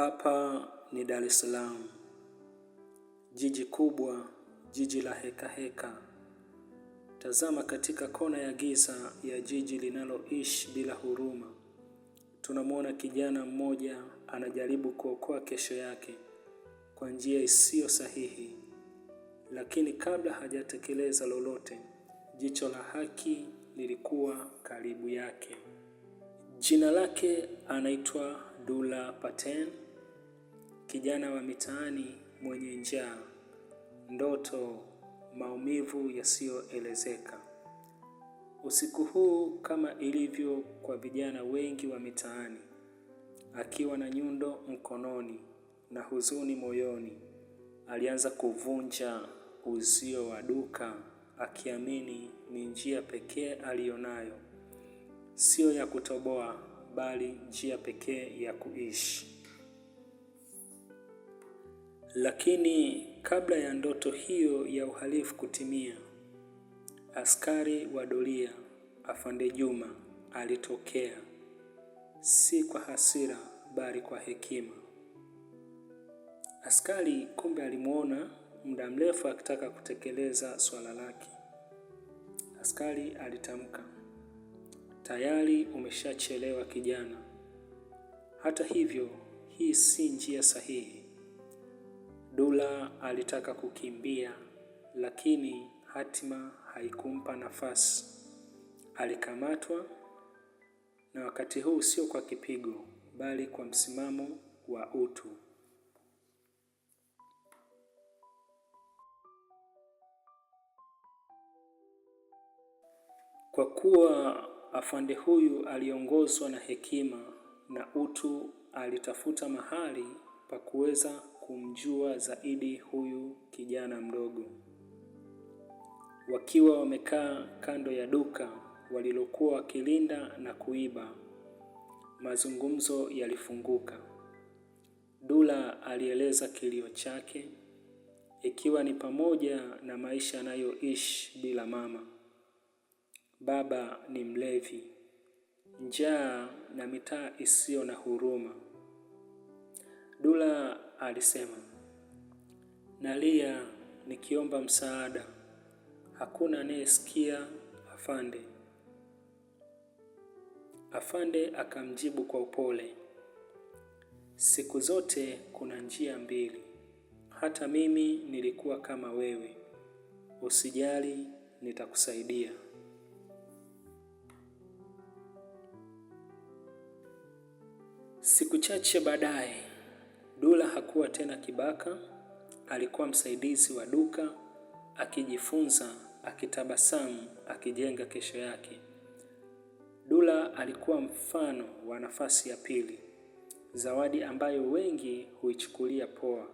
Hapa ni Dar es Salaam, jiji kubwa, jiji la hekaheka heka. Tazama katika kona ya giza ya jiji linaloishi bila huruma, tunamwona kijana mmoja anajaribu kuokoa kesho yake kwa njia isiyo sahihi, lakini kabla hajatekeleza lolote, jicho la haki lilikuwa karibu yake. Jina lake anaitwa Dula Paten kijana wa mitaani mwenye njaa, ndoto, maumivu yasiyoelezeka. Usiku huu kama ilivyo kwa vijana wengi wa mitaani, akiwa na nyundo mkononi na huzuni moyoni, alianza kuvunja uzio wa duka, akiamini ni njia pekee aliyonayo, siyo ya kutoboa, bali njia pekee ya kuishi. Lakini kabla ya ndoto hiyo ya uhalifu kutimia, askari wa doria Afande Juma alitokea, si kwa hasira, bali kwa hekima. Askari kumbe alimwona muda mrefu akitaka kutekeleza swala lake. Askari alitamka, tayari umeshachelewa kijana. Hata hivyo, hii si njia sahihi. Dula alitaka kukimbia, lakini hatima haikumpa nafasi. Alikamatwa na wakati huu sio kwa kipigo, bali kwa msimamo wa utu. Kwa kuwa afande huyu aliongozwa na hekima na utu, alitafuta mahali pa kuweza kumjua zaidi huyu kijana mdogo. Wakiwa wamekaa kando ya duka walilokuwa wakilinda na kuiba, mazungumzo yalifunguka. Dula alieleza kilio chake, ikiwa ni pamoja na maisha anayoishi bila mama. Baba ni mlevi, njaa na mitaa isiyo na huruma. Dula alisema, nalia nikiomba msaada, hakuna anayesikia afande. Afande akamjibu kwa upole, siku zote kuna njia mbili, hata mimi nilikuwa kama wewe. Usijali, nitakusaidia. Siku chache baadaye hakuwa tena kibaka, alikuwa msaidizi wa duka, akijifunza, akitabasamu, akijenga kesho yake. Dula alikuwa mfano wa nafasi ya pili, zawadi ambayo wengi huichukulia poa.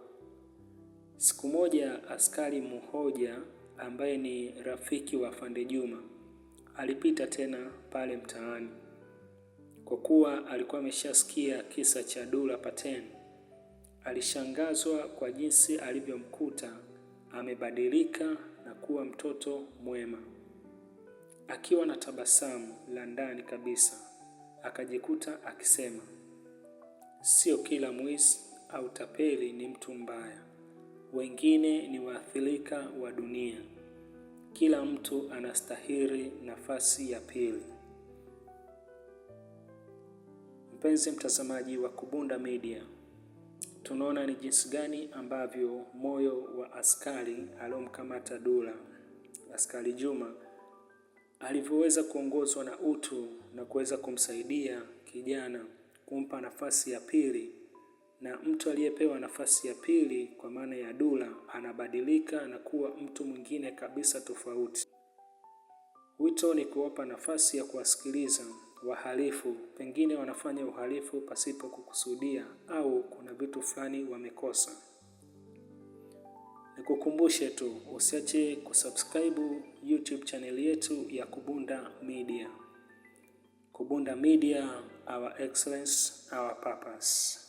Siku moja askari Muhoja ambaye ni rafiki wa Fande Juma alipita tena pale mtaani, kwa kuwa alikuwa ameshasikia kisa cha Dula Paten. Alishangazwa kwa jinsi alivyomkuta amebadilika na kuwa mtoto mwema. Akiwa na tabasamu la ndani kabisa, akajikuta akisema, sio kila mwizi au tapeli ni mtu mbaya. Wengine ni waathirika wa dunia. Kila mtu anastahili nafasi ya pili. Mpenzi mtazamaji wa Kubunda Media tunaona ni jinsi gani ambavyo moyo wa askari aliyomkamata Dula, askari Juma, alivyoweza kuongozwa na utu na kuweza kumsaidia kijana, kumpa nafasi ya pili, na mtu aliyepewa nafasi ya pili kwa maana ya Dula anabadilika na kuwa mtu mwingine kabisa tofauti. Wito ni kuwapa nafasi ya kuwasikiliza wahalifu, pengine wanafanya uhalifu pasipo kukusudia au kuna vitu fulani wamekosa. Nikukumbushe tu usiache kusubscribe YouTube channel yetu ya Kubunda Media. Kubunda Media, our excellence, our purpose.